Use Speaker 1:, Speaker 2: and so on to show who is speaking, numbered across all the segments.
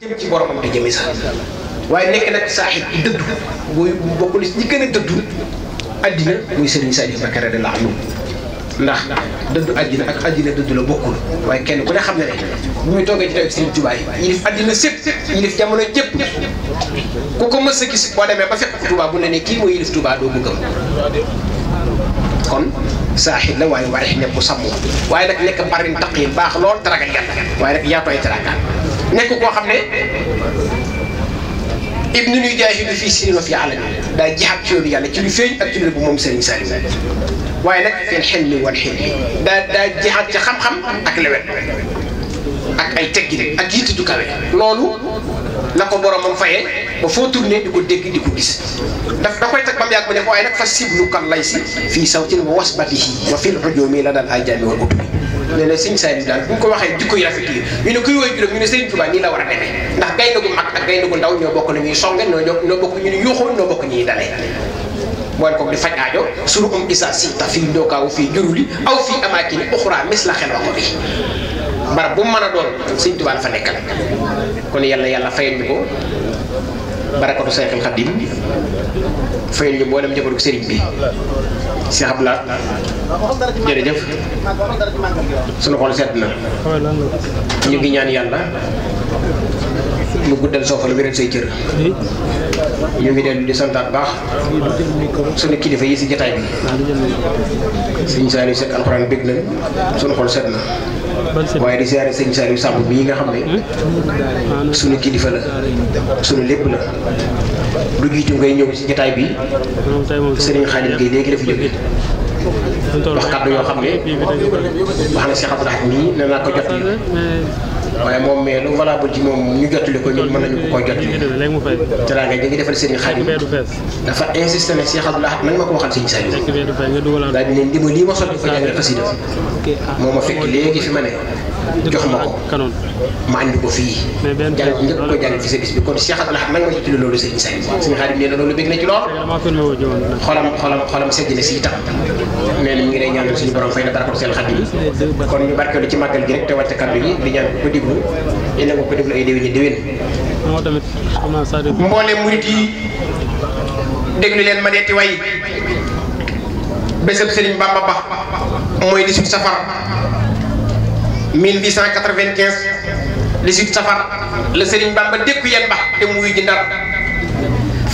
Speaker 1: jëm ci boromam di jëmee sax waaye nekk nag saaxib di dëddu booy bokkul ñi gën a dëddu àddina muy Serigne Sadio Bakar radiyallaahu anhu ndax dëddu àddina ak àddina dëddu la bokkul waaye kenn ku ne xam ne ne bu ñu toogee ci tawit Serigne Touba yi ñu def àddina sépp ñu jamono jëpp ku ko mës a gis boo demee ba fekk Touba bu ne ne kii mooy yilif Touba doo ko gëm kon saaxit la waaye waree nekk bu sàmm waaye nag nekk barin taq yi baax lool taraga gàtt waaye nag yaatooy nekk koo xam ne ibnu ñuy jaahidu fii sirrin wa fii alani daa jihaat ci yoonu yàlla ci lu feeñ ak ci lu bu moom Serigne Saliou waaye nag fil hilmi wal hilmi daa daa jihaat ci xam-xam ak lewet ak ay teggin ak yitte ju loolu la ko boromam faye ba foo tourné di ko dégg di ko gis daf da koy teg ba mu yàgg ba ne waaye nag fa siblu kan lay si fii sawtin wa wasbatihi wa fil hujumi la dal ay jaami wal utubi ñu ne sëñ Saliou daal bu ko waxee jikko yu rafet yi ñu ne kuy woy juróom ñu ne sëñ Touba nii la war a ndax gaynde gu mag ak gaynde gu ndaw ñoo bokk na ñuy songe ñoo ñoo bokk ñu ni yuuxoo no bokk ñuy dalee boole ko di faj aajo suru um isa si ta fii ndookaa wu fii juruli aw fii amaakini uxraa mis la xel ko bi barab bu mu mën a doon sëñ Touba fa nekkal kon yàlla yàlla fayal ñu ko barakatu Seexul khadim fayal ñu boolem njabootu sëriñ bi cheikh si xablaat jërëjëf suñu xol sedd na ñu ngi ñaan yalla mu guddal soofal wéré sey cër ñu ngi dellu di santat baax suñu kilifa yi ci jataay bi sëñ Saliou Seck alxuraan bég na suñu xol sedd na waaye di siyaare sëñ Saliou Samb bii nga xam ne suñu kilifa la suñu lépp la du jiitu ngay ñëw ci jotaay bi sëriñ Xaadim Gueye léegi dafa jóge wax kàddu yoo xam ne wax na Cheikh Abdoulaye nii nee naa ko jot yi waaye moom mais lu valable ci moom ñu jottali ko ñun mën nañu ko koy jottali teraanga ji ngi defal seen i xarit dafa insisté ne Cheikh Abdou Lahad nañ ma ko waxal sëñ Saliou daal di leen dimbali lii ma sotti ko jàngal xasida moo ma fekk léegi fi ma ne jox ma ko ma andi
Speaker 2: ko fii jàng njëkk
Speaker 1: ko jàng ci service bi kon Cheikh Abdoul Ahad may ma ci loolu sëñ Saliou suñu xarit nee na loolu bég na ci lool xolam xolam xolam sedd na si itam nee na mi ngi lay ñaanal suñu borom fay na barkal seen xarit yi kon ñu barkeelu ci màggal gi rek te wàcce kàddu yi di ñaan ko déglu yéen a ko ko déglu ay déwén yi déwén
Speaker 2: mboolem murit
Speaker 1: yi déglu leen ma deeti way bésëb Sëriñ Bamba ba mooy di suñu
Speaker 3: safar
Speaker 1: 1895 18 safar la Serigne Bamba dékku yeen bax te muy ji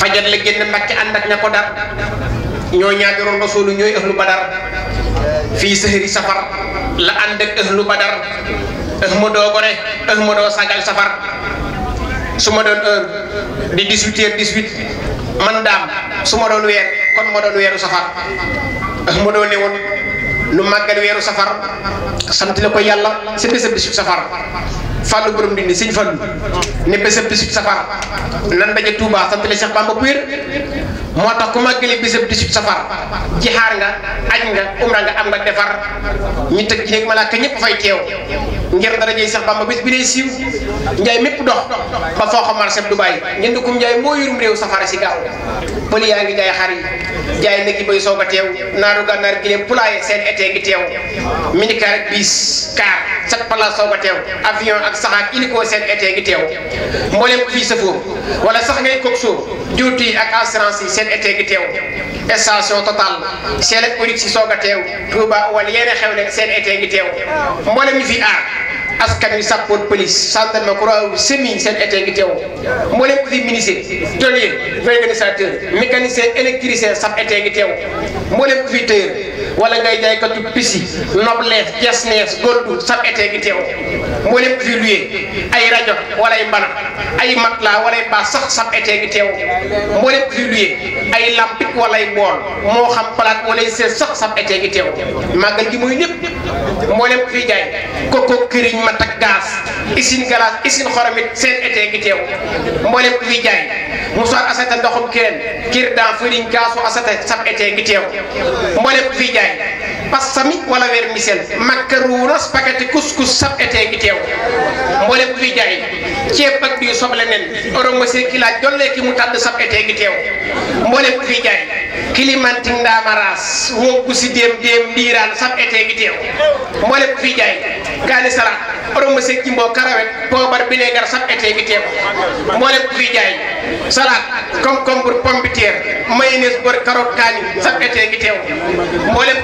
Speaker 1: fajar la génn mbàkke ànd ak ña ko dar ñoo ñaajoron rasulu ñooy ahlu badar fii sëhëri safar la ànd ak ahlu badar ahmadoo eh gore ahmadoo eh sagal safar su ma heure di 18 heure 18 man daam su ma doon weer kon ma doon weeru safar ahmadoo eh ne woon nu màggal weeru safar sant la ko yàlla sa bésab bisub safar fàllu borom dindi sëñ fàllu ne bésab bisub safar nan daje Touba sant la Cheikh Bamba bu moo tax ku màggali bésab bisub safar jixaar nga aj nga umra nga am nga defar ñu teg ci nekk malaaka ñëpp fay teew ngir dara jëy sax Bamba bis bi lay siiw njaay mépp dox ba foo ko marché du bàyyi njaay moo yorum réew safara si gaaw pël yaa ngi jaay xar yi jaay nag yi bay a teew naaru gànnaar gi leen pulaay seen été ngi teew a teew avion ak saxaak ilikoo seen été ngi teew mboolem fii safoo wala sax ngay koog suuf juuti yi ak assurance yi seen été gi teew station total seen ak audit si soog a teew Touba wala yeneen xew ne seen été ngi teew mboolem ñu fi aar askan wi sappoon police gendarme croix rouge semis seen été ngi teew mboolem ku fi ministre tôlier organisateur mécanicien électricien sab été ngi teew mboolem ku fi tëyër wala ngay jaay katu pisi noblees jesnees góordu sab été gi teew moo lépp fi luyee ay rajo wala ay ay matelas laa ay baas sax sab été gi teew moo lépp fi luyee ay lampit wala ay bool moo xam palaat wala ay sees sax sab été gi teew màggal gi mooy lépp moo lépp fi jaay koko këriñ mat ak gaas isin gi teew moo lépp fi jaay musoor asata ndoxum kireen kir daan fëriñ kaasu asata sab etee ngi teew mboolem ku fiy jaay passami wala weer misel makkaruuna spaghetti couscous sab été ngi teew mboolem kuy jaay ceeb ak diw soble nen oromose kilaaj jollee ki mu tàdd sab été teew mboolem kuy jaay kilimanti ndaama raas woo gusi karawet poobar bineegar sab été teew mboolem kuy jaay salaat concombre pomme de terre mayonnaise bor kaani sab été teew mboolem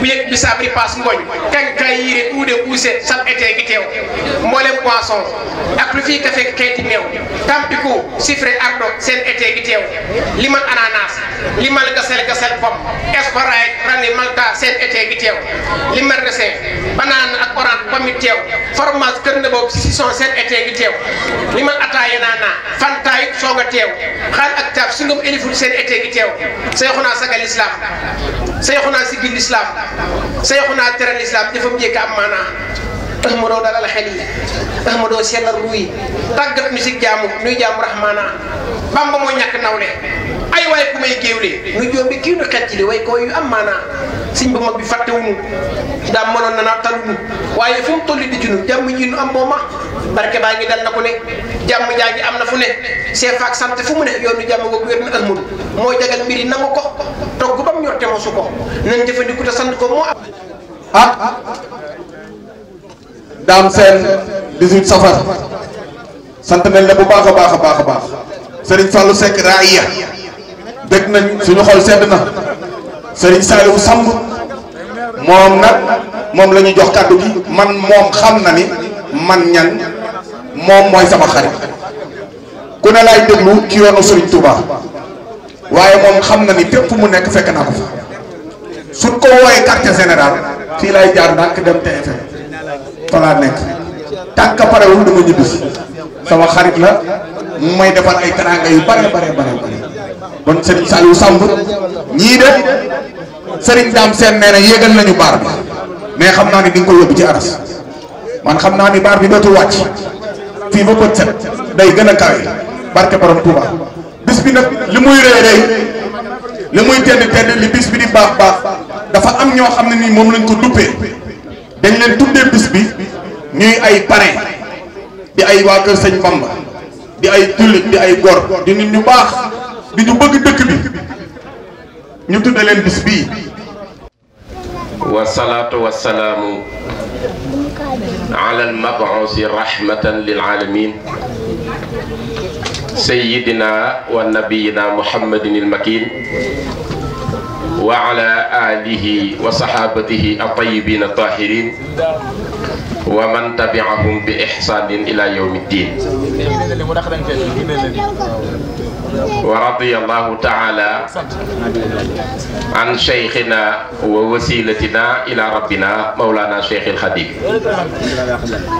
Speaker 1: bu yëg bisaab ripaas ngooñ kankay yiire uude uuse sab etee gi teew mboolem poisson ak lu fii kafe xeeti meew tampiku sifre ardo seen etee gi teew liman ananas liman gasal gasal pom esparayit rani malta seen etee gi teew liman raisin banaan ak orange pommi teew fromage kër na boobu seen etee gi teew liman ataaya naana fantaayit sooga teew xaal ak taaf sungum elifut seen etee gi teew seyxunaa sagal islam seyxunaa sigil islam Seyxuna teral islam jëfam jékk am maanaa tax ma doo dalal xel yi tax ma doo sellal ruuy tàggat musique jaamu nuy jaamu am bamba moo ñàkk nawle ay waay ku may géewlee nu joom bi kii nu xet ci li way ko yu am maanaa siñ bu mag bi fàttewunu daa mënoon na naa talunu waaye fu mu tolli di ci nu jàmm ji nu am mooma barke baa ngi dal na ko ne jàmm jaa ngi am na fu ne see faak sant fu mu ne yoon yoonu jàmm googu wér na ahmadu moo jagal mbiri nangu ko togg bam ñor te mosu ko nan jëfandiku te sant moo am ah
Speaker 4: daam seen 18 safar sant nañ la bu baax a baax a baax a baax Serigne Fallou Seck raaya dégg nañ suñu xol sedd na Serigne Saliou Samb moom nag moom la ñu jox kàddu gi man moom xam na ni man ñan moom mooy sama xarit ku ne laay déglu ci yoonu Serigne Touba waaye moom xam na ni fépp mu nekk fekk naa ko fa su ko woowee quartier général fii laay jaar ndànk dem TFM. fa laa nekk tànk parewul dama ñibbisi sama xarit la may defal ay teraanga yu bare bare bare bare bon Serigne Saliou Samb ñii de Serigne Dame Sène nee na yéegal nañu baar bi mais xam naa ni di nga ko yóbbu ci aras man xam naa ni baar bi dootu wàcc fii ba bët day gën a kawe barke Touba bis bi nag li muy rëy rëy tedd tedd li bis bi di baax baax dafa am ñoo xam ne lañ ko duppee dañ leen tuddee bis bi ñuy ay parrain di ay waa kër sëñ Bamba di ay jullit di ay gor di nit ñu baax di ñu bëgg dëkk bi ñu tudde leen bis bii
Speaker 5: wasalaatu wasalaamu ala almabuusi rahmatan lilaalamin sayidina wa nabiyina muhammadin almakin وعلى آله وصحابته الطيبين الطاهرين ومن تبعهم بإحسان إلى يوم الدين ورضي الله تعالى عن شيخنا ووسيلتنا إلى ربنا مولانا شيخ الخديم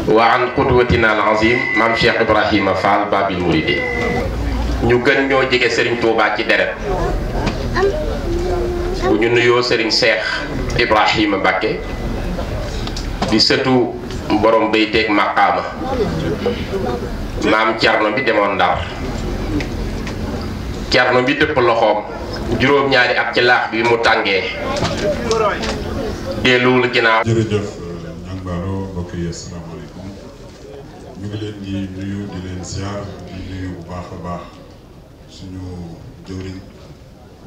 Speaker 5: وعن قدوتنا العظيم مام شيخ إبراهيم فعل باب المريدين نيو gën ñoo jege bu ñu nuyoo Serigne Cheikh Ibrahima Mbacké di sëtu borom bayteeg maqaama maam Thierno bi demoon Ndar Thierno bi dëpp loxoom juróom-ñaari at ci laax bi mu tàngee delluwul ginnaaw. jërëjëf nuyu di
Speaker 6: leen ziar di nuyu bu baax a baax suñu jëwriñ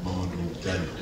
Speaker 6: Mamadou Diagne.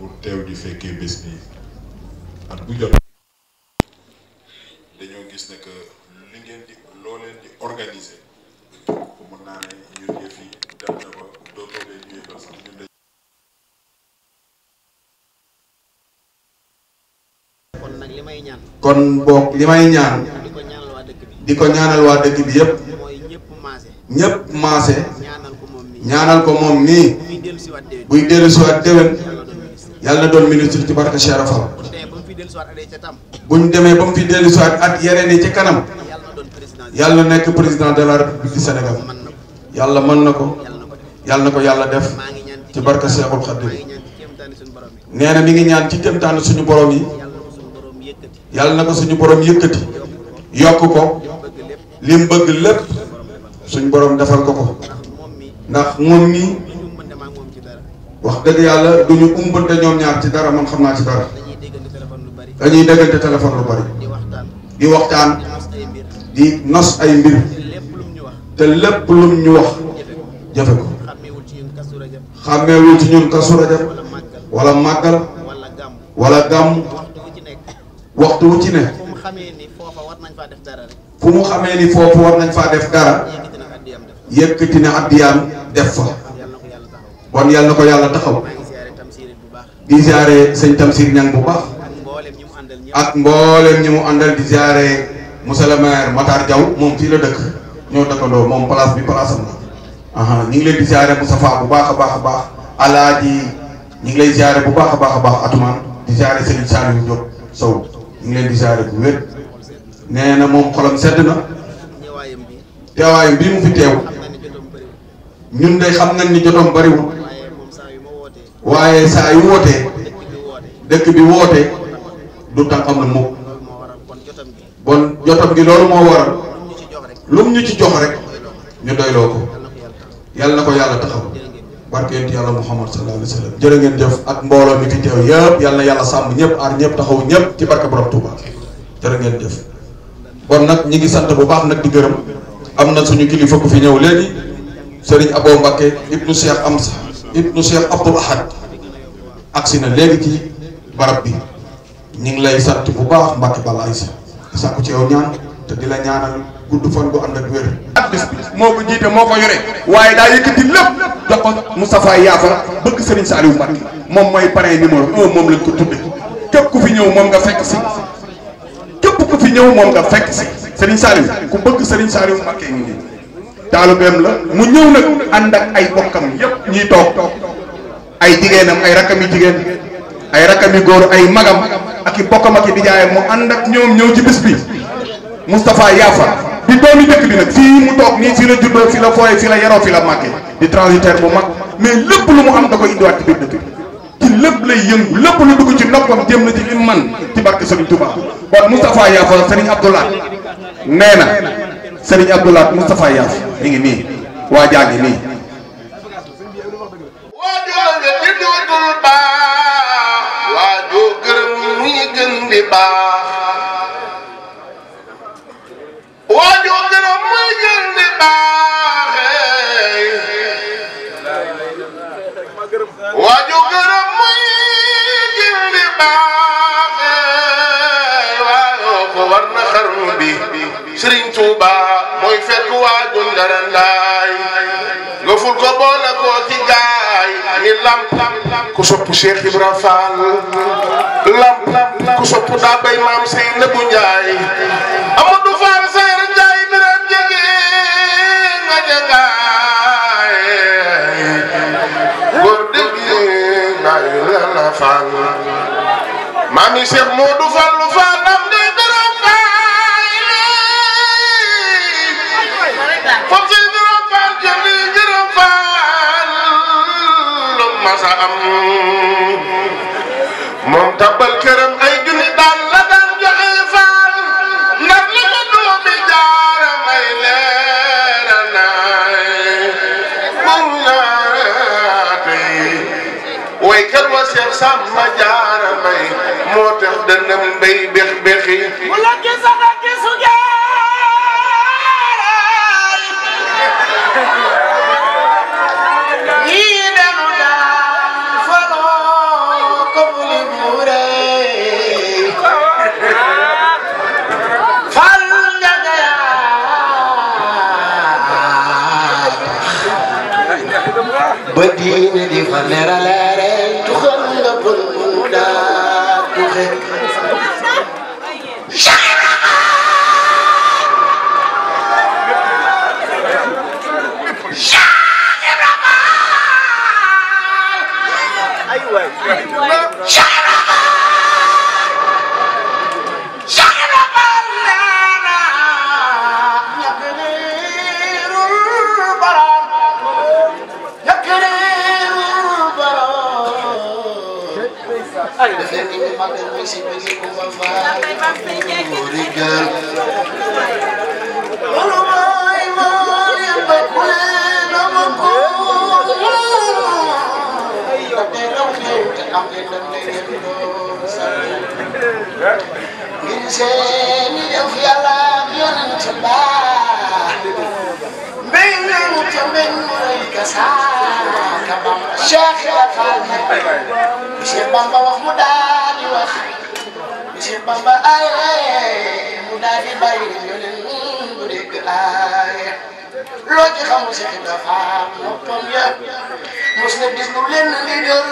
Speaker 4: pour teew ji bi at gis ne que ngeen di loo kon nag li may ñaan kon boog li may ñaan di ko ñaanal waa dëkk bi di ko ñaanal waa dëkk maase ñaanal ko moom mii ñaanal ko moom mii yàlla na doon ministre ci barka Cheikh Rafal bu ñu demee ba mu fi dellu soit at yeneen yi ci kanam yàlla na nekk président de la république du Sénégal yàlla mën na ko yàlla na ko yàlla def ci barka Cheikhul Khadim nee na mi ngi ñaan ci jëmtaan suñu borom yi yàlla na ko suñu borom yëkkati yokk ko li mu bëgg lépp suñu borom defal ko ko ndax moom mii. wax deug yalla duñu umbeunte ñom ñaar ci dara man xamna ci dara dañuy deggante telephone lu bari di waxtaan di nos ay mbir te lepp lum ñu wax jafé ko xamé wu ci ñun kasu rajab wala magal wala gam waxtu wu ci ne fu mu xamé ni fofu war nañ fa def dara yekkati na addiyaam def fa bon yalla nako yalla taxaw di ziaré seigne Tamsir ñang bu baax ak mboolem ñi mu àndal di ziaré monsieur le maire Matar jaw mom fii la dëkk ñoo dëkkandoo mom place bi place am aha ñi ngi lay di ziaré Moustapha bu baax a baax a baax aladi ñi ngi lay ziaré bu baax a baax a baax atumaan di ziaré seigne salim Diop saw ñi ngi lay di ziaré bu wet nee mom moom xolam sedd na teewaayam bii mu fi tew ñun day xam nañ ni bari wu waaye saa yu wootee dëkk bi woote du tànkam la mukk bon jotam gi loolu moo waral lum ñu ci jox rek ñu doyloo ko yàlla na ko yàlla taxaw barke yonent yàlla muhammad sallallahu jër wa ngeen jëf ak mbooloo mi fi teew yëpp yàlla na yàlla sàmm ñëpp aar ñëpp taxaw ñëpp ci barke borom Touba jërë ngeen jëf bon nag ñi ngi sant bu baax nag di gërëm am na suñu kilifa ku fi ñëw léegi sëriñ Abo Mbakke ibnu Cheikh Amsa ibnu syekh abdul ahad aksina legi ci barab bi ñu ngi lay sant bu baax mbàkki bala ay sa ko ci yow ñaan te dila ñaanal guddu fan go ànd ak wér bis bi moo ko jité moo ko yore waaye daa yëkkati lépp jox ko Moustapha Yaafara bëgg Serigne Saliou Mbacke moom mooy parrain numéro un mom lañ ko tuddé kep ku fi ñëw mom nga fekk ci kep ku fi ñëw mom nga fekk ci Serigne Saliou ku bëgg Serigne Saliou Mbacke ngi talibem la mu ñew nak andak ay bokkam yépp ñi tok ay digeenam ay rakami digeen ay rakami goor ay magam ak i bokkam ak i dijaayam mu andak ak ñoom ñëw ci bis bi Moustapha Yafa di doomi dekk bi nak fi mu tok ni ci la juddoo fi la fooye fi la yaro fi la màggee di transiteur bu mag mais lepp lu mu am da koy indiwat ci biir dëkk ci lepp lay yëngu lepp lu dugg ci nopam dem na ci li man ci barke Serigne Touba kon Moustapha Yafa Serigne Abdoulaye nee Serigne Abdoulaye Moustapha Yass mi ngi nii waa jaa ngi nii.
Speaker 7: waajoo gërëm muy gën di baaxee waajoo gërëm muy gën di baaxee waajoo ko war na xarnu bi Serigne Touba mooy fekk waa Gundarandaay nga ful ko boole koo ci gaay ni lamp ku sopp Cheikh Ibra Fall lamp ku sopp daa bay Sey Nebu Njaay Amadou Fall Seyra Njaay bi ren jege nga masa am moom tabbal këram ay junni daan la daan joxe faal ndax li ko doomi jaara may leera naay moom naa tey way kër wa Seex Samba jaara may moo tax dëndam mbay
Speaker 8: diine di fa leerale mate mwisi mwisi kumamba Muriga Olumai mori mbakwe na mbakwe Ginseni yafyala yonan chamba Mbinga mutamin murikasa Kabam Sheikh Afan Sheikh Bamba Mahmudah wax monsieur Bamba ay mu daal di bàyyi yoneen bu ci xamul Cheikh Ibra Fall lu lenn ndigal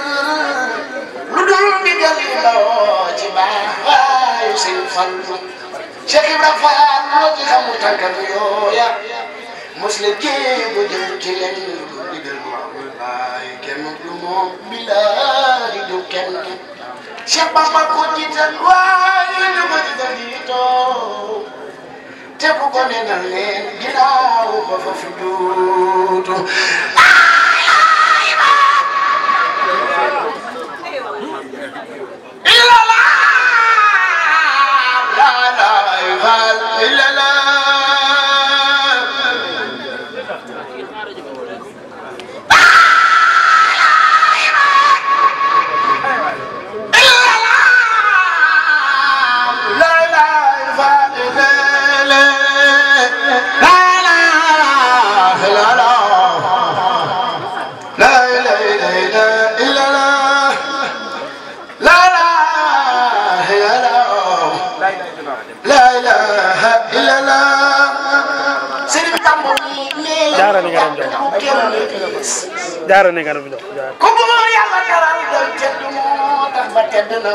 Speaker 8: lu dul ndigal li lawoo ci baaxaayu seen Fallu Cheikh Ibra Fall loo ci xamul tànkam yooya mos na géej bu jëm ci lenn lu dul ndigal li lawoo ay kenn du moom bi laa du kenn. Cheikh Bamba ko jiital waaye li ma di daliitoo te bu ko ne na leen ginnaaw ba fa fi juutu ila la la la jaarale nga dem jox
Speaker 9: jaarale nga dem jox
Speaker 8: ku bëggoon yàlla dalal doon tedd moo tax ba tedd na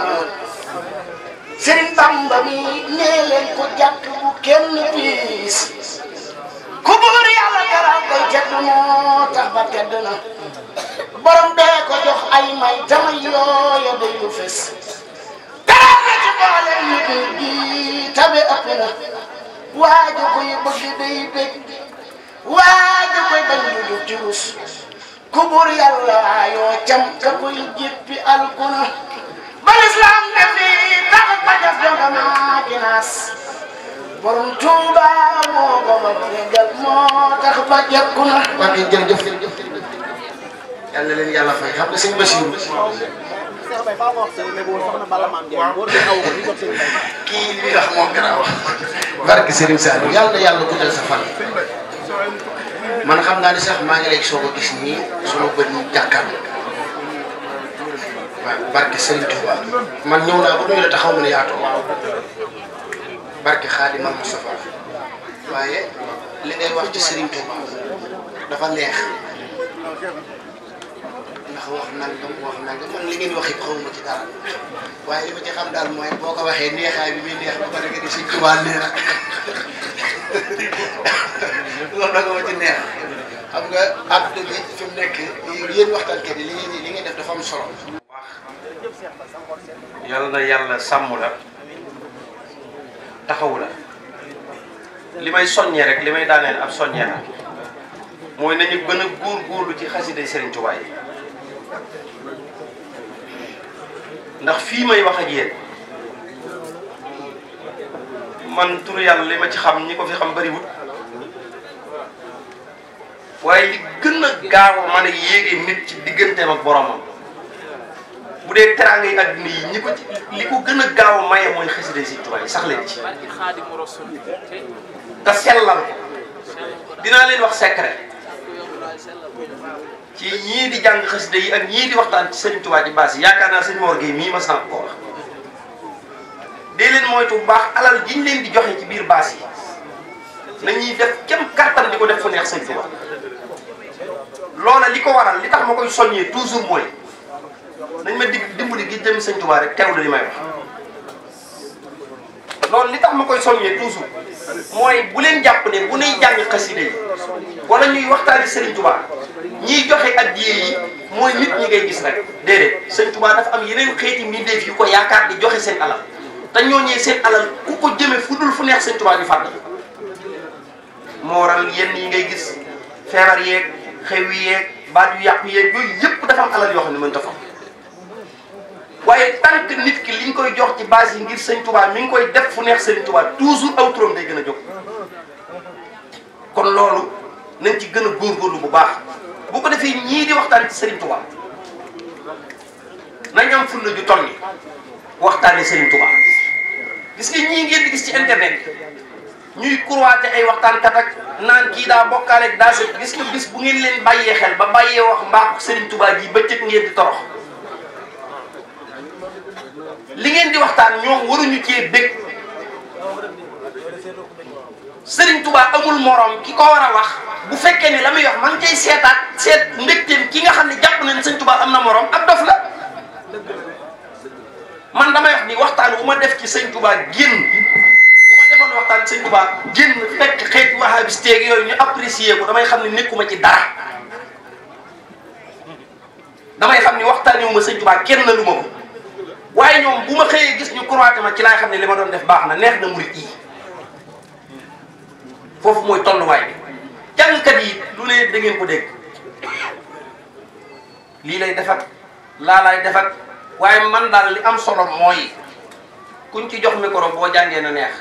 Speaker 8: Serigne Bamba mi nee leen ko jàkk bu kenn piis ku bëggoon yàlla dalal doon tedd moo tax ba tedd na borom bee ko jox ay may dama yooya day lu fes dalal na ci boole nit ñi tabe ëpp na waaju koy bëgg day bëgg waaja koy bañ mu du turus ku bur yàlla yoo cam ka koy jéppi alkuna ba lislaam ne fii tax ba def donga maa ginaas borom tuuba moo ko ma jégal moo tax ba jekku na waa kay jërëjëf yal leen yàlla fay xam nga sëñ Basiru
Speaker 2: kii li wax moo gën wax Serigne sa man xam naa ne sax maa ngi lay soog a gis nii suma bët ñu jàkkaarloo waaw
Speaker 8: barke Serigne Touba man ñëw naa ba doy la taxaw ma ne yaatoo barke Xaadima Mustafa waaye li ngay wax ci Serigne Touba dafa neex. ndax wax wax nangam man
Speaker 10: waaye li ci xam daal mooy boo ko waxee neexaay bi muy neex si tubaab nee na loolu nag moo ci xam nga ab dëgg fi mu nekk yéen waxtaankat li ngeen li ngeen def dafa am solo.
Speaker 9: na yàlla sàmm la taxawu li may soññee rek li may daaneel ab soññee la mooy nañu gën a góorgóorlu ci xasida Serigne Touba yi ndax fii may wax ak yéen man tur yàlla li ma ci xam ñi ko fi xam bariwut waaye li gën a gaaw man a yéege nit ci diggante ak boromam bu dee teraanga yi àdduna yi ñi ko ci li ko gën a gaaw maye mooy xasida si tubaab yi sax leen ci te dinaa leen wax secret ci ñii di jàng xasida yi ak ñii di waxtaan ci sëriñ Tuubaa ji baas yi yaakaar naa sëñ Mor Gueye mii mas naa ko wax dee leen moytu bu baax alal jiñ leen di joxe ci biir baas yi nañuy def kem kàttan di ko def fu neex sëñ Tuubaa loola li ko waral li tax ma koy soññee toujours mooy nañ ma dig dimbali gi jëm sëñ Tuubaa rek teewlu li may wax loolu li tax ma koy soññee toujours mooy bu leen jàpp ne bu nuy jàng xaside yi wala ñuy waxtaani Serigne Touba ñiy joxe addiye yi mooy nit ñi ngay gis rek déedéet Serigne Touba dafa am yeneen xeeti mbindeef yu ko yaakaar di joxe seen alal te ñooñee seen alal ku ko jëme fu dul fu neex Serigne Touba ñu fàttali moo waral yenn yi ngay gis feebar yeeg xew yeeg baat yu yàqu yeeg yooyu yëpp dafa am alal yoo xam ne mën ta waaye tant que nit ki li ñu koy jox ci base yi ngir sëñ Touba mi ngi koy def fu neex sëñ Touba toujours aw turam day gën a jóg kon loolu nañ ci gën a góorgóorlu bu baax bu ko defee ñii di waxtaan ci sëriñ Touba nañ am fulla ju toll ni waxtaanee sëriñ Touba gis nga ñii ngeen di gis ci internet ñuy croiser ay waxtaan kat ak naan kii daa bokkaale daa set gis nga bis bu ngeen leen bàyyee xel ba bàyyee wax mbaaxu sëriñ Touba ji bëccëg ngeen di torox. li ngeen di waxtaan ñoom waruñu cee bëgg Serigne Touba amul morom ki ko war a wax bu fekkee ne la muy wax man cay seetaat seet mbégteem ki nga xam ne jàpp na ne Serigne Touba am na morom ab dof la man damay wax ni waxtaan bu ma def ci Serigne Touba génn bu ma defoon waxtaan Serigne Touba génn fekk xeet teeg yooyu ñu apprécier ko damay xam ne nekkuma ci dara damay xam ni waxtaanee wu ma Serigne kenn lu ma ko. waaye ñoom bu ma xëyee gis ñu croité ma ci laay xam ne li ma doon def baax na neex na murit yi foofu mooy tolluwaay bi jàngkat yi lu ne da ko dégg lii lay defat laa lay defat waaye man daal li am solo mooy kuñ ci jox micro woo jàngee na neex.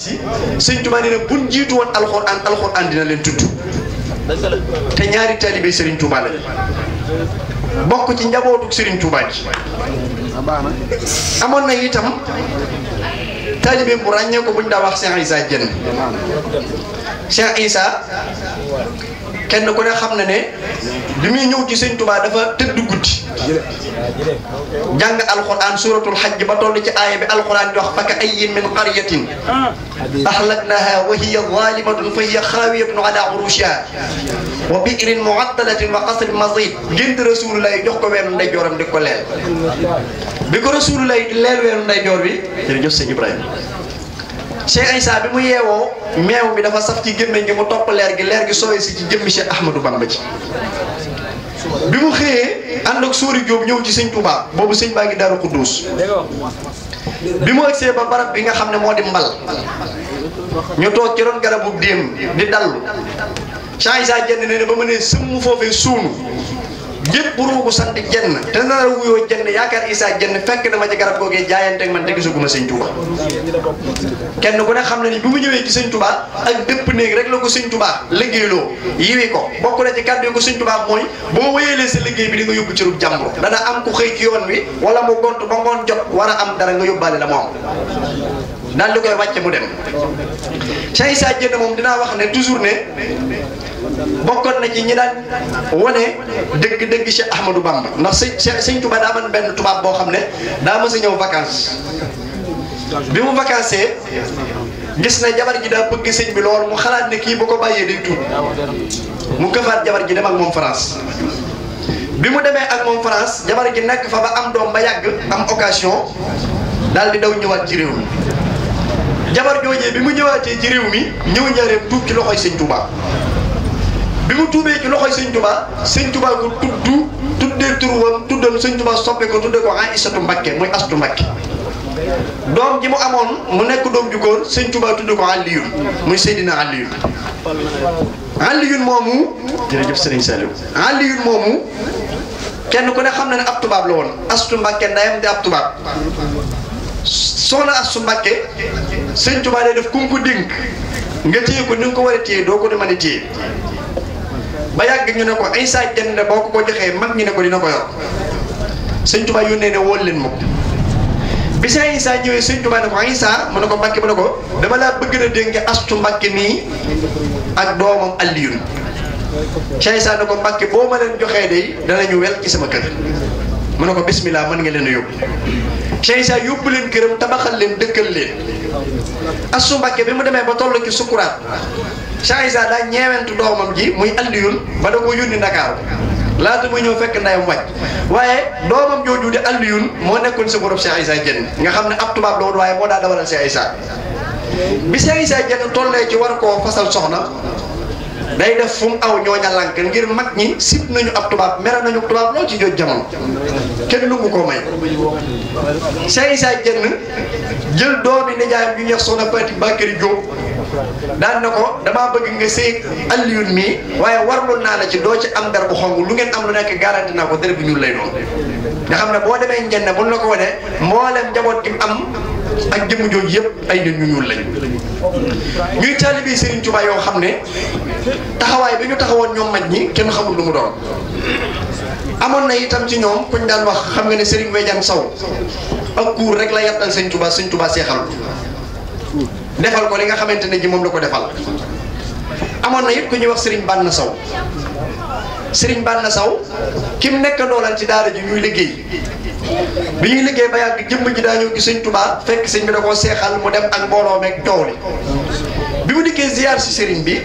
Speaker 9: si
Speaker 6: sëñ Tuubaa nee na buñ jiitu woon alxuraan alxuraan dina leen tudd te ñaari taalibe Serigne Touba la bokk ci njabootu Serigne Touba Ah, amoon na itam taalibe bu ràññee ko buñ daa wax Cheikh Issa Diène Cheikh kenn ku ne xam na ne bi muy ñëw ci sëñ Tuubaa dafa tëdd guddi jàng alquran suratul xajj ba toll ci aaya bi alquran di wax fa ka ayyin min qaryatin ahlaknaha wa hiya zalimatun fa hiya xaawiyatun ala urushiha wa bi'rin mu'attalatin wa qasrin mazid gént lay jox ko weeru ndeyjooram di ko leel bi ko rasulullah di leel weeru ndeyjoor bi jërëjëf sëñ Cheikh Issa bi mu yeewoo meew bi dafa saf ci gémmiñ gi mu topp leer gi leer gi sooy si ci jëmmi Cheikh Ahmadou Bamba ci
Speaker 11: bi mu xëyee
Speaker 6: ànd ak suuri Jóob ñëw ci sëñ Touba boobu sëñ baa ngi ku duus bi mu agsee ba barab bi nga xam ne moo di mbal ñu toog ci ron garabu déem di dallu Cheikh Issa jenn ne ne ba mu ne sëmm foofee suunu bu gépp ruugu sant jenn te nar a wuyoo jenn yaakaar Issa jenn fekk na ma ci garab googee jaayante ak man te gisaguma sëñ Touba kenn ku ne xam na ni bi mu ñëwee ci sëñ Touba ak dëpp néeg rek la ko sëñ Touba liggéeyloo yiwi ko bokk na ci kàddu yi ko sëñ Touba mooy bu ma wéyalee sa liggéey bi di nga yóbbu ci rub jàmbur dana am ku xëy ci yoon bi wala mu gont ba ngoon jot war a am dara nga yóbbaale la mu am daal di koy wàcce mu dem Cheikh Issa Diène moom dinaa wax ne toujours ne bokkoon na ci ñi daan wane dëgg-dëgg Cheikh Ahmadou Bamba ndax sëñ sëñ Touba daa man benn tubaab boo xam ne daa mës a ñëw vacance bi mu vacancé gis na jabar ji daal bëgg sëñ bi lool mu xalaat ne kii bu ko bàyyee day tuub mu këfaat jabar ji dem ak moom France bi mu demee ak moom France jabar gi nekk fa ba am doom ba yàgg am occasion daal di daw ñëwaat ci réew mi jabar joojee bi mu ñëwaatee ci réew mi ñëw ñaareem tuub ci loxoy sëñ Touba. bi mu tuubee ci loxoy sëñ Touba sëñ tubaa ko tudd tuddee tur woon tuddam sëñ Touba soppe ko tuddee ko Aïssatou Mbacké muy Astu Mbacké doom ji mu amoon mu nekk doom ju góor sëñ Touba tudd ko Aliyun muy Seydina Aliyun Aliyun moomu jërëjëf Sëriñ Saliou Aliyun moomu kenn ku ne xam na ne ab tubaab la woon Astu Mbacké ndayam di ab tubaab soxna Astu Mbacké sëñ Touba day def ku mu ko dénk nga téye ko ni nga ko war a téye doo ko mën a téye ba yàgg ñu ne ko Isaa jënd na boo ko ko joxee mag ñu ne ko dina ko yor sëñ Tuubaa yónnee ne wóol leen ma ko bi saa Isaa ñëwee sëñ Tuubaa ne ko Isaa mu ne ko Mbàkke mu ne ko dama laa bëgg na dénk astu Mbàkke nii ak doomam Aliyun saa Isaa ne ko Mbàkke boo ma leen joxee dana ñu wel ci sama kër mu ne ko bismillah mën nga leen a yóbbu Cheikh Issa yóbbu leen këram tabaxal leen dëkkal leen asu Mbàkke bi mu demee ba toll ci sukuraat Cheikh Issa daa ñeewentu doomam ji muy Aliyun ba da ko yónni Ndakaaru laata muy ñëw fekk nday mu wàcc waaye doomam jooju di Aliyun moo nekkoon si borob Cheikh Issa Dieng nga xam ne ab tubaab la waaye moo daa dawalal Cheikh Issa bi sa Issa Dieng tollee ci war koo fasal soxna day def fu mu aw ñooña lànk ngir mag ñi sib nañu ab tubaab mere nañu tubaab lool ci jot jamono kenn lu mu ko may Cheikh Issa Dieng jël doomi nijaayam bi ñeex soxna Faati Bakary Diop daan na ko damaa bëgg nga sëy Alioune mii waaye warlu naa la ci doo ci am dar bu xong lu ngeen am lu nekk garanti naa ko dër bu ñuul lay doon nga xam ne boo demee njënd bu ñu la ko wane mboolem njaboot ki am ak jëmm jooju yëpp ay nit ñu ñuul lañ ñuy taalibe Serigne Touba yoo xam ne taxawaay bi ñu taxawoon ñoom mag ñi kenn xamul lu mu doon. amoon na itam ci ñoom kuñ daan wax xam nga ne Serigne Wédiane Sow ak kuur rek la yàttal Serigne Touba Serigne Touba seexal defal ko li nga xamante ne ji moom la ko defal amoon na it ku ñuy wax Serigne Banna Sow. Serigne Banna Saw kim nekk doolan ci daara ji ñuy liggéey bi ñuy liggéey ba yàgg jëmm ji daa gi sëñ Touba fekk sëñ bi da koo seexal mu dem ak mbooloo meeg coow li bi mu dikkee ziar si Serigne bi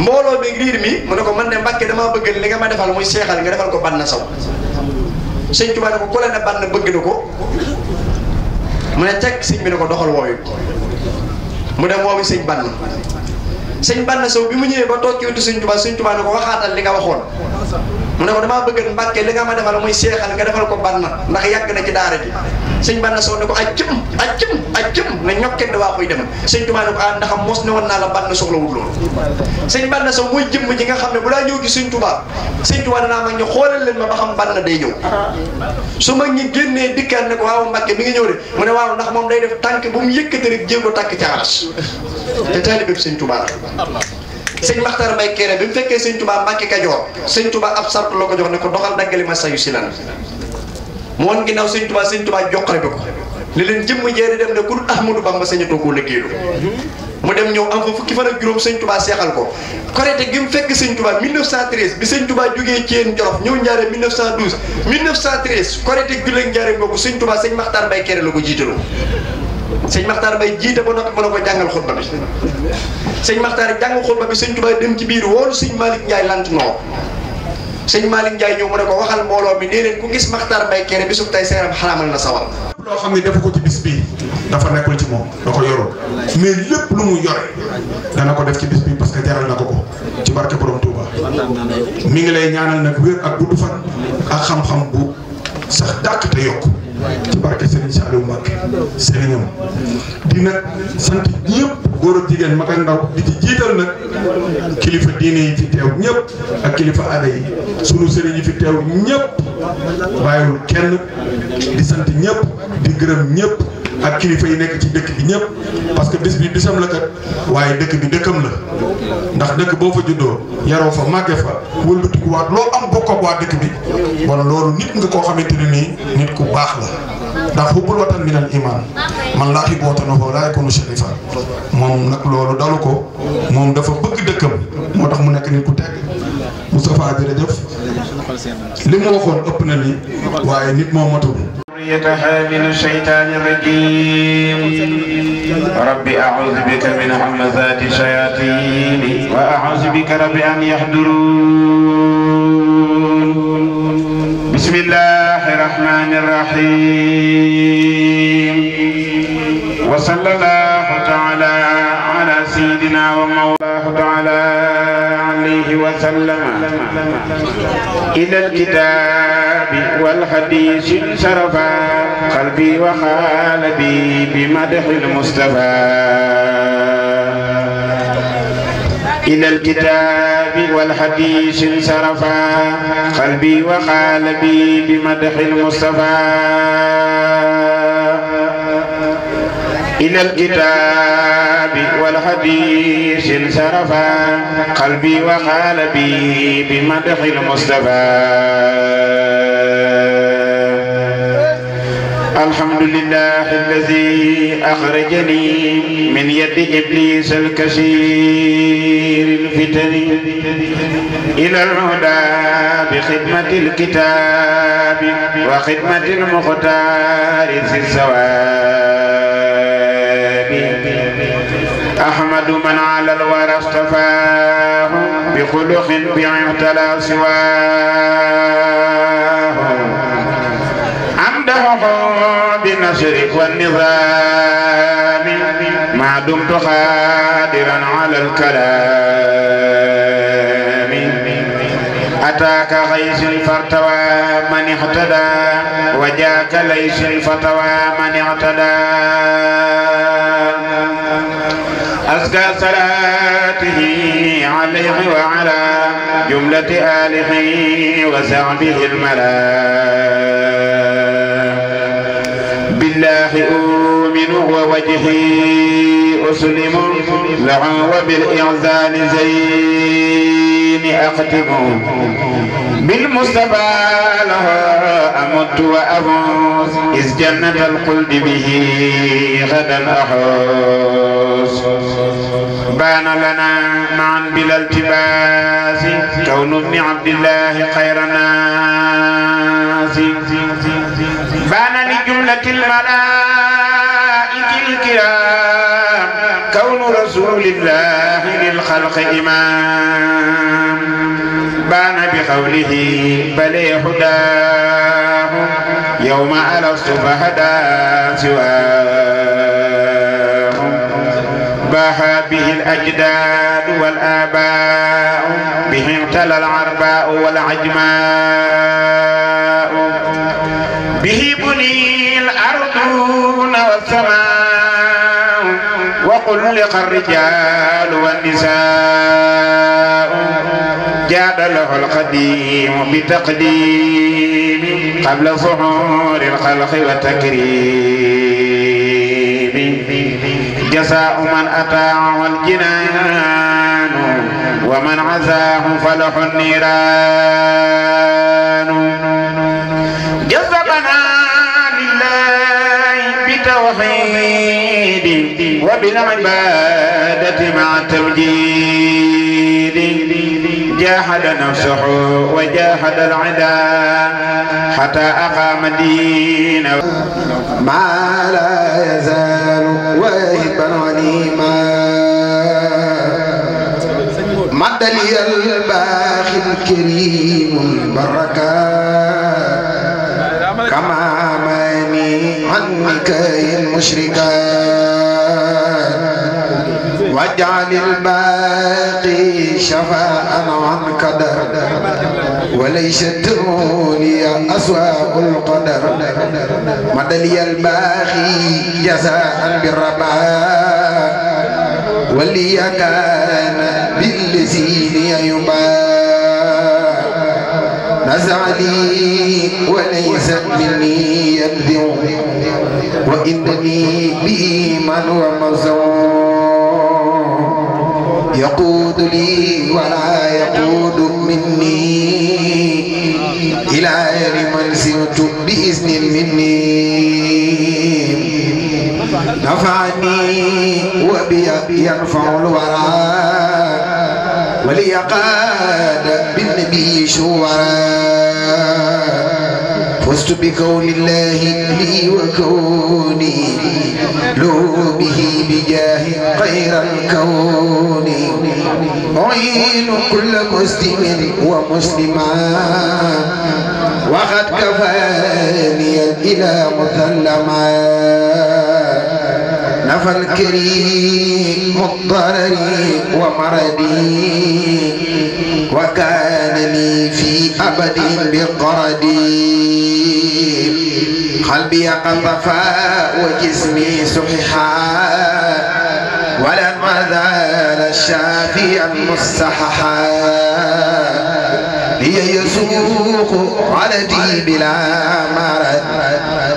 Speaker 6: mbooloo meeg riir mi mu ne ko mën de Mbàkke damaa bëgg li nga ma defal muy seexal nga defal ko Banna Saw sëñ Touba ko ku la ne Banna bëgg na ko mu ne teg sëñ bi ne ko doxal wooyu mu dem woowi sëñ Banna. sëñ Balla Sow bi mu ñëwee ba toog ci wetu sëñ Tuubaa sëñ Tuubaa ne ko waxaatal li nga waxoon mu ne ko damaa bëgg Mbàkke li nga ma defal muy seexal nga defal ko Balla ndax yàgg na ci daara ji sëñ Balla Sow ne ko accëm accëm accëm ne ñokkeen da koy demal sëñ Tuubaa ne ko ah ndax mos ne woon naa la Balla soxlawul loolu sëñ Balla Sow mooy jëm ji nga xam ne bu daa ñëw ci sëñ Tuubaa sëñ Tuubaa danaa mag ñu xoolal leen ma ba xam Balla day ñëw su mag ñi génnee dikkaat ne ko waaw Mbàkke mi ngi ñëw mu ne waaw ndax moom day def tànk bu mu yëkkate rek jéego tàkk ci aras te taalibe sëñ Tuubaa sëñ Maxtar Mbay Kéré bi mu fekkee sëñ Tuubaa Mbàkke Kajoor sëñ Tuubaa ab sart loo ko jox ne ko doxal daggali ma sayu si lan mu woon ginnaaw sëñ Tuubaa sëñ Tuubaa joxale bi ko ne leen jëmm jeeri dem ne ku dul Ahmadou Bamba sañatoo koo liggéeylu mu dem ñëw am fa fukki fan juróom sëñ Tuubaa seexal ko korite gi mu fekk sëñ Tuubaa 1913 bi sëñ Tuubaa jógee Thiène Jolof ñëw Ndiarème 1912 1913 korite julleeg Ndiarème boobu sëñ Tuubaa sëñ Maxtaar Mbay Kéré la ko jiitaloo sëñ Maxtaar Mbay jiite ba noppi mën a ko jàngal xutba bi sëñ Maxtaar jàng xutba bi sëñ Tuubaa dem ci biir woolu sëñ Malick Ndiaye lant noo sëñ Malick Ndiaye ñëw mu ne ko waxal mbooloo bi nee leen ku gis Makhtar Mbaye Kéré bisub tey seeram
Speaker 4: xaraamal na sawar. loo xam ne dafa ko ci bis bii dafa nekkul ci moom da ko yorul mais lépp lu mu yore dana ko def ci bis bi parce que jaral na ko ko ci barke borom Touba mi ngi lay ñaanal nag wér ak gudd fan ak xam-xam bu sax dàq te yokk. ci barke Serigne Saliou Mbacké Serigne am di nag sant ñëpp góor ak jigéen mag ak ndaw di ci jiital nag kilifa diine yi fi teew ñëpp ak kilifa aada yi sunu sëriñ yi fi teew ñëpp bàyyiwul kenn di sant ñépp di gërëm ñëpp. ak kilifa yi nekk ci dëkk bi ñëpp parce que bis bi bisam la kat waaye dëkk bi dëkkam la ndax dëkk boo fa juddoo yaroo fa màgge fa wëlbatikuwaat loo am bokk ak waa bi wala loolu nit nga koo xamante nii nit ku baax la ndax xubbul watan minal iman man laa xiib watana foo laay konu sharifa moom nag loolu dalu ko moom dafa bëgg dëkkam moo tax mu nekk nit ku teg Moustapha jërëjëf li mu waxoon ëpp na lii waaye nit moo
Speaker 3: الشيطان الرجيم رب أعوذ بك من همزات الشياطين وأعوذ بك ربي أن يحضرون بسم الله الرحمن الرحيم وصلى الله تعالى على سيدنا ومولاه تعالى وسلم إلى الكتاب والحديث شرفا قلبي وخالدي بمدح المصطفى إلى الكتاب والحديث انصرفا قلبي وقالبي بمدح المصطفى إلى الكتاب والحديث انصرفا قلبي وقالبي بمدح المصطفى الحمد لله الذي أخرجني من يد إبليس الكثير الفتن إلى الهدى بخدمة الكتاب وخدمة المختار في الزواج من على الورى اصطفاه بخلق بعتلى سواه أمده بالنشر والنظام ما دمت قادرا على الكلام أتاك غيث فارتوى من اهتدى وجاك ليس فتوى من اعتدى أزكى صلاته عليه وعلى جملة آله وسعبه الملا بالله أؤمن ووجهي أسلم له وبالإعزال زين أختم بالمصطفى له أمت وأفوز إذ جنة القلب به غدا أحوز بان لنا معا بلا التباس كون ابن عبد الله خير ناس بان لجملة الملائكة الكرام كون رسول الله للخلق إمام بان بقوله بل هداه يوم على الصفهداء سواه باح به الأجداد والآباء به تلى العرباء والعجماء به بني الأرض والسماء وخلق الرجال والنساء جاد له القديم بتقديم قبل ظهور الخلق وتكريم جزاء من أتاه الجنان ومن عزاه فله النيران جذبنا لله بتوحيد وبالعبادة مع التوجيه جاهد نفسه وجاهد العدا حتى أقام دين ما لا يزال واهبا وليما
Speaker 12: مد لي الباخ الكريم البركات كما ماني عنك المشركات واجعل الباقي شفاء عن قدر وليس الدنيا أسواء القدر مدلي الباقي جزاء بالرباء ولي كان بالذين يباع نزع لي وليس مني يبدو وإنني بإيمان ومزور يقود لي ولا يقود مني إلى من سرت بإذن مني نفعني وبي ينفع الورى وليقاد بالنبي شورى فوزت بقول الله لي وكوني لو به بجاه غير الكون أعين كل مسلم ومسلما وقد كفاني الى مسلما نفى الكريم الضرري ومردي وكان لي في أبد بقردي قلبي قلفا وجسمي سححا ولن زال الشافي المستححا لي يسوق ولدي بلا مرض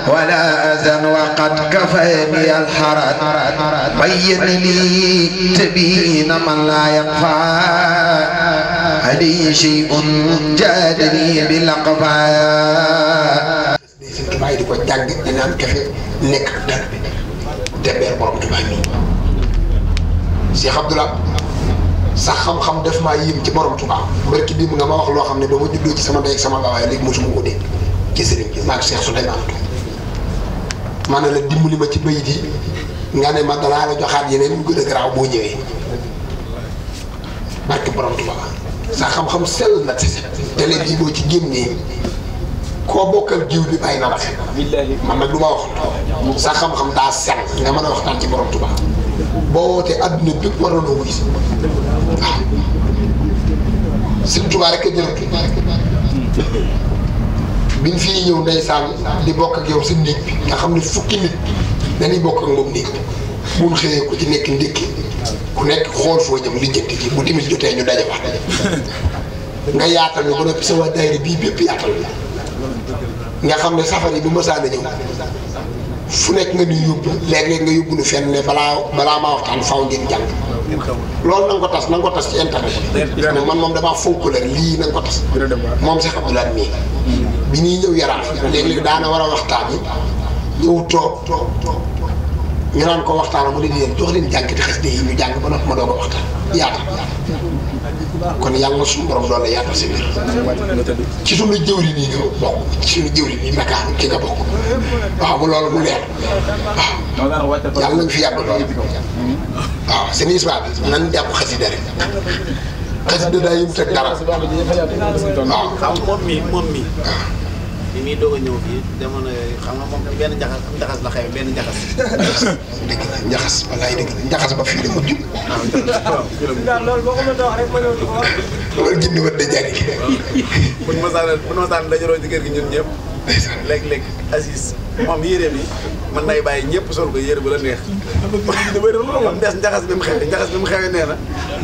Speaker 12: ولا أذن وقد كفاني الحرد بين لي تبين من لا يقفى علي شيء جادني بالأقفال
Speaker 10: Touba yi di ko jàng di naan kafe nekk ak dara bi te beer borom Touba yi sax xam-xam def maa yim ci borom Touba barki bii mu nga ma wax loo xam ne ba ma juddoo ci sama ndey ak sama baa waaye léegi mosuma ko dégg ci sëriñ bi su Cheikh Souleymane Touré ma ne la dimbali ma ci bayit yi nga ne ma danaa la joxaat yeneen yu gën a garaaw boo ñëwee barki borom Touba sax xam-xam sell na te télé bii boo ci génnee. koo bokkal jiw bi bàyyi na la xel man na lu ma wax sa xam-xam daa sell nga mën a waxtaan ci borom Tuubaa boo wootee adduna bépp waroon a jëlatu biñ fii ñëw ndeysaan di bokk ak nga xam ne fukki nit dañuy bokk ak moom néeg bi mun xëyee ku ci nekk ndékki ku nekk xool foo jëm lijjanti ji bu timis jotee ñu daje wax nga yaatal ñu ba noppi sa bii bépp yaatal la nga xam ne safari bu mësaana ñëw fu nekk nga ñuy yóbbu léeg-léeg nga yóbbu nu fenn ne balaa balaa maa waxtaan faw ngeen jàng loolu na ko tas na ko tas ci internet bi man moom damaa fonk la lii na nga ko tas moom sax Abdoulaye mii mm. bi ñuy ñëw yaraax léeg-léeg daana war a waxtaan yi ñëw toog toog toog ñu ko waxtaan mu ne leen jox leen jànkati xasida yi ñu jàng ba noppi ma doog a waxtaan yaata kon yàlla suñu borom loolu la yaatal si biir ci suñu jëwriñ yi nga bokk ci suñu jëwriñ yi Ndakaaru waaw bu loolu mu leer waaw yàlla nañ fi yàgg loolu waaw seen isbaab nan jàpp xasida rek xasida daa yëngu teg dara
Speaker 2: waaw bi muy doog a ñëw fii jamono yooyu xam nga moom tam benn njaxas am njaxas la xew benn njaxas. dëgg la njaxas walaay dëgg njaxas ba fii la mujj. waaw ah, waaw loolu boo ko mënta wax rek ma ñëw ma saan buñ ma saan dañu roo ci kër gi ñun ñëpp. léeg-léeg Aziz. moom yére bi mën nay bàyyi ñëpp sol ko yére bu la neex moom des njaxas bi mu xewee njaxas bi mu xewee nee na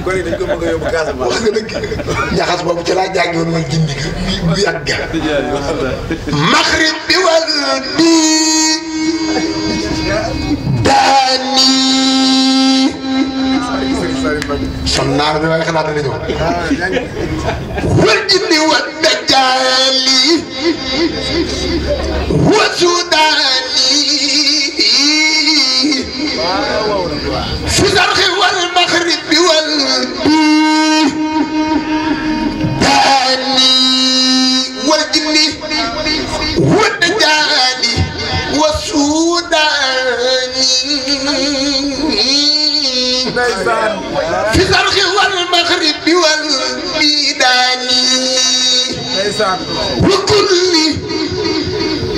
Speaker 2: gone yi dañ ko bëgg a yóbbu Casamance wax nga dëgg njaxas boobu ci laa jàngi woon
Speaker 10: mooy jindi
Speaker 4: gi bi bi ak ga maxrib
Speaker 8: bi wal di
Speaker 11: daani
Speaker 10: son naar bi waaye xanaa dana ñëw
Speaker 11: wal jindi
Speaker 8: wal جالي وسوداني في زرق والمغرب والبي داني والجني والنجاني والسوداني في والمغرب والبي
Speaker 7: ndeysaan wa kulli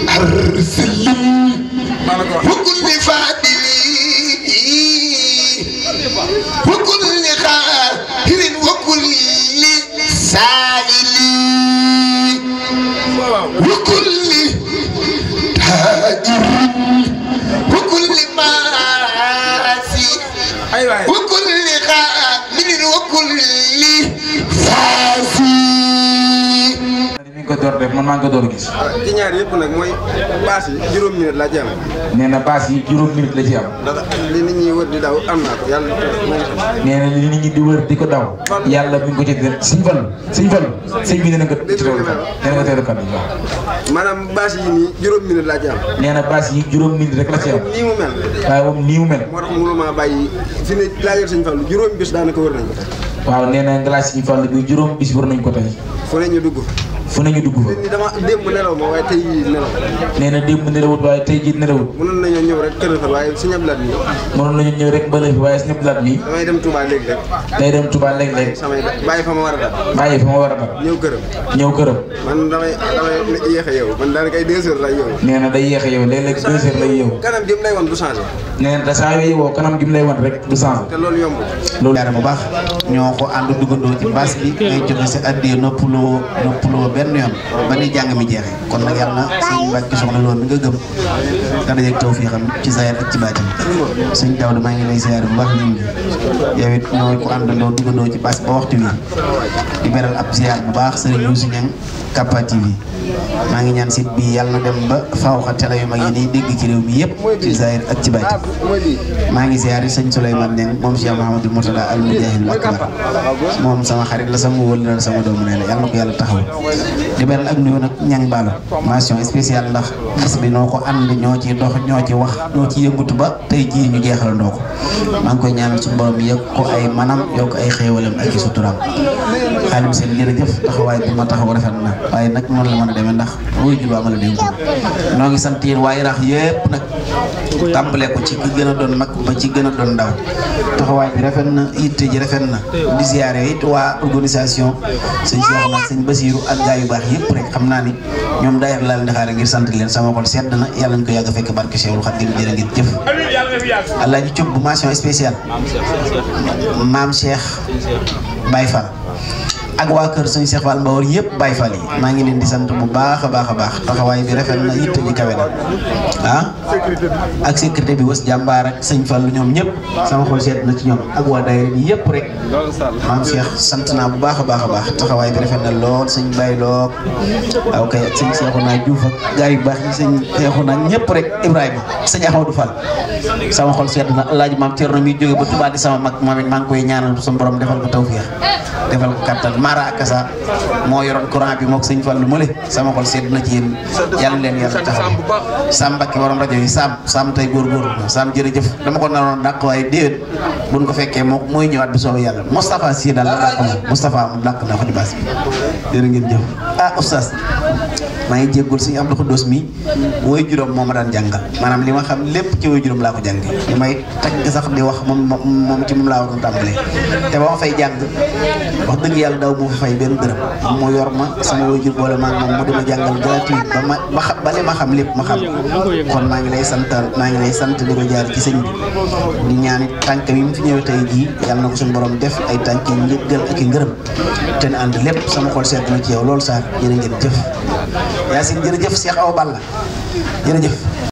Speaker 7: arsalim wa kulli faadili
Speaker 8: wa kulli xaahirin wa kulli saalili wa kulli taajirin wa kulli maasi
Speaker 4: ko door man maa ngi ko door gis. waaw ci ñaar yëpp nag mooy baas yi juróom minute la ci am. nee na baas yi juróom minute la ci am. ndax li nit ñi wër di daw am di di ko daw. yàlla bu ñu ko ci def sëñ Fallu sëñ Fallu sëñ bi dana ko. ci loolu kan dana ko teelu kan waaw.
Speaker 2: maanaam baas yi nii juróom minute laa ci am.
Speaker 4: nee na baas yi juróom minute rek la ci am. nii mu mel. waaw moom nii mu mel. moo tax mënuma bàyyi fi ne laa yor sëñ Fallu juróom bis daanaka wër nañ ko tey. waaw nee na glace yi Fallu bi juróom bis wër nañ ko tey. fu ne dugg fu nañu dugg fa. dama démb nelaw ma waaye tey jii nelaw. nee nelawut waaye nañoo ñëw rek kër fa waaye si ñëpp laat bi. mënoon nañoo ñëw rek bële fi waaye si ñëpp laat bi. damay dem Touba léegi rek. day dem Touba léegi rek. samay bàyyi fa ma war a dal. bàyyi fa ma a dal. ñëw këram. ñëw këram. man damay damay yéex a yow man daanaka ay deux lay yow. nee day yéex a yow léeg-léeg deux heures lay yow.
Speaker 2: kanam gi mu lay wan du changé. nee na saa yooyu woo kanam gi mu lay wan rek du changé. loolu yomb. loolu yaram bu baax ñoo ko ànd duggandoo ci baas bi ngay joxe sa addee benn yoon ba ni jàng mi jeexee kon nag yàlla na sëñ Mbàkke soxna loolu mi nga gëm nga dajeeg tawfiixam ci zaahir ak ci baatin sëñ Daawda maa ngi lay ziyaar bu baax ñu ngi yow it ñoo ko àndandoo duggandoo ci bas ba waxtu wi di beral ab ziyaar bu baax sëriñ Yuusu Ñaŋ Capa TV maa ngi ñaan site bi yàlla na dem ba faaw xa télé yu mag yi nii dégg ci réew mi yëpp ci zahir ak ci baat maa ngi ziare sëñ Souleymane Neng moom Cheikh Mahamadou Mourtada al Mujahid Akbar xarit la sama wël la sama doomu yàlla yàlla taxaw di beral ak nuyoo nag ñang baalo spéciale ndax bis bi noo ko ànd ñoo ci dox ñoo ci wax ñoo ci yëngutu ba tey jii ñu jeexal ndoo ko maa ngi koy ñaanal suñu borom yëg ko ay manam yokk ay xéewalam ak i suturaam xaalim seen jërëjëf taxawaay bi ma taxaw rafet na waaye nak non la mëna a demee ndax wuy oh, ju amala déw no ngi sant yeen waaye rax yépp nak tambalé ko ci ki gën a doon mag ba ci gëna a doon ndaw taxaway bi rafet na yitté ji rafet na di ziare it wa organisation sëñ Cheikh ahmad sëñ basirou ak gaay yu bax yépp rek xamna ni ñom daayir laal ndaxaare ngir sant leen sama xol sedd na yalla ñu ko yàgg fekk barke Cheikhul Khadim jërë ngeen jëf allah ji ciub bu mention spéciale mam Cheikh mam Baye Fall ak waa kër sëñ Cheikh Fall Mbawar yëpp Baye Fall yi maa ngi leen di sant bu baax a baax a baax taxawaay bi rafet na yitte ji kawe na ah? ak sécurité bi was jàmbaar ak sëñ ñoom ñëpp sama xol seet na ci ñoom ak waa daayira yëpp rek maam sant naa bu baax a baax a baax taxawaay bi rafet na lool sëñ Baye Loog waaw kay ak sëñ Cheikhouna Diouf ak gaa yu baax yi sëñ Cheikhouna ñëpp rek Ibrahima sëñ Ahmadou Fall sama xol seet na laaj maam Thierno mi jóge ba Touba di sama mag moom it maa ngi koy ñaanal sama borom defal ko tawfeex defal kattan Mara Akassa moo yoroon courant bi moog sëñ Fallou Mële sama xol sedd na ci yéen yàlla leen yàlla taxawal Sam Mbacké borom rajo yi Sam Sam tey góorgóorlu Sam jërëjëf dama ko naroon dàq waaye déet buñ ko fekkee moo mooy ñëwaat bu soobee yàlla Moustapha Sy daal la dàq moom Moustapha mu dàq na ko bi jërë ngeen jëf ah, may ngi jéggul suñu Abdou khodous mi woy juróom moma dan jangal manam lima xam lepp ci way juróom la ko jangé may tagg sax di wax mom mom ci mom la waroon tambalé té ba ma fay jang wax dëgg yalla daw bu fay ben dërëm mo yor ma sama way jur bolé maag mom mo dina jangal gratuit ba ma ba li ma xam lepp ma xam kon ma ngi lay santal ma ngi lay sant di ko jaar ci señ bi di ñaan tank yi mu fi ñëwee tay jii yalla nako suñu borom def ay tànk yi ak i té te ànd lépp sama xol seet na ci yow loolu sax jërë ngeen jëf Yacine jërëjëf Cheikh Awa Balla jërëjëf.